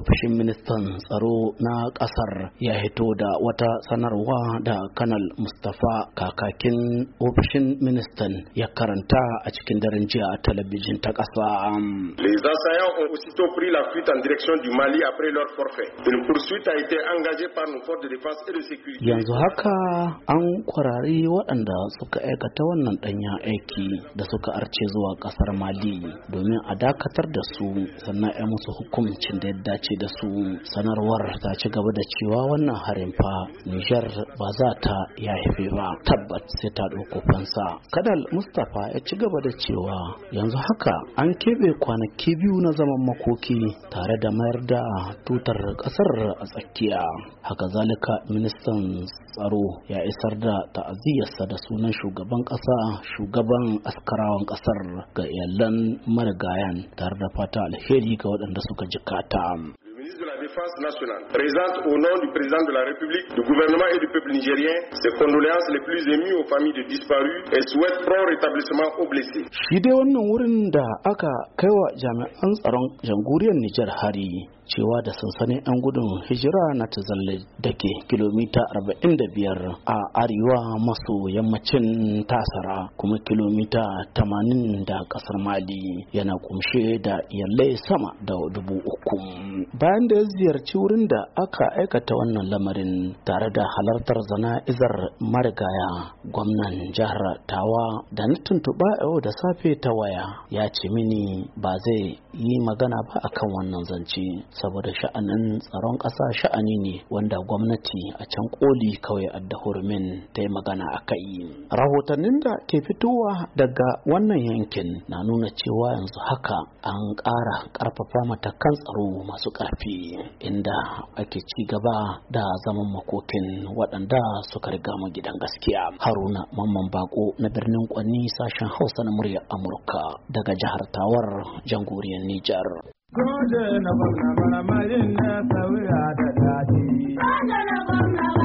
ofishin ministan tsaro na kasar ya hito da wata sanarwa da kanal mustapha kakakin ofishin ministan ya karanta a cikin daren jiya a talabijin ta kasa les assaillants ont aussitôt pris la fuite en direction du mali après leur forfait une poursuite a été engagée par forces de défense et de sécurité yanzu haka an kwarari waɗanda suka aikata wannan ɗanya aiki da suka arce zuwa ƙasar mali domin a dakatar da su sannan ya musu hukuncin da ya dace ce da su sanarwar ta ci gaba da cewa wannan harin fa Nijar ba za ta ya haife ba tabbat sai ta ɗauko fansa kadal mustapha ya ci gaba da cewa yanzu haka an keɓe kwanaki biyu na zaman makoki tare da mayar da tutar ƙasar a tsakiya haka zalika ministan tsaro ya isar da ta'aziyarsa da sunan shugaban ƙasa shugaban askarawan ƙasar ga iyalan marigayan tare da fata alheri ga waɗanda suka jikata nationale présente au nom du président de la République, du gouvernement et du peuple nigérien ses condoléances les plus émues aux familles des disparus et souhaite prompt rétablissement aux blessés. cewa da sansanin 'yan gudun hijira na tazalle da ke kilomita 45 a arewa maso yammacin tasara kuma kilomita 80 da kasar mali yana kumshe da yalle sama da dubu uku bayan da ya ziyarci wurin da aka aikata wannan lamarin tare da halartar zana'izar marigaya gwamnan jihar tawa da na tuntuɓa yau da safe ta waya ya ce mini ba zai yi magana ba akan wannan zance saboda sha'anin tsaron ƙasa sha'ani ne wanda gwamnati a can koli kawai adda hurumin ta yi magana a kai rahotannin da ke fitowa daga wannan yankin na nuna cewa yanzu haka an ƙara ƙarfafa matakan tsaro masu ƙarfi inda ake ci gaba da zaman makokin waɗanda suka riga mu gidan gaskiya haruna mamman bako na birnin kwanni sashen hausa na muryar amurka daga jihar tawar jamhuriyar nijar Soja na gwamna marmarin na sauya da daji. Soja na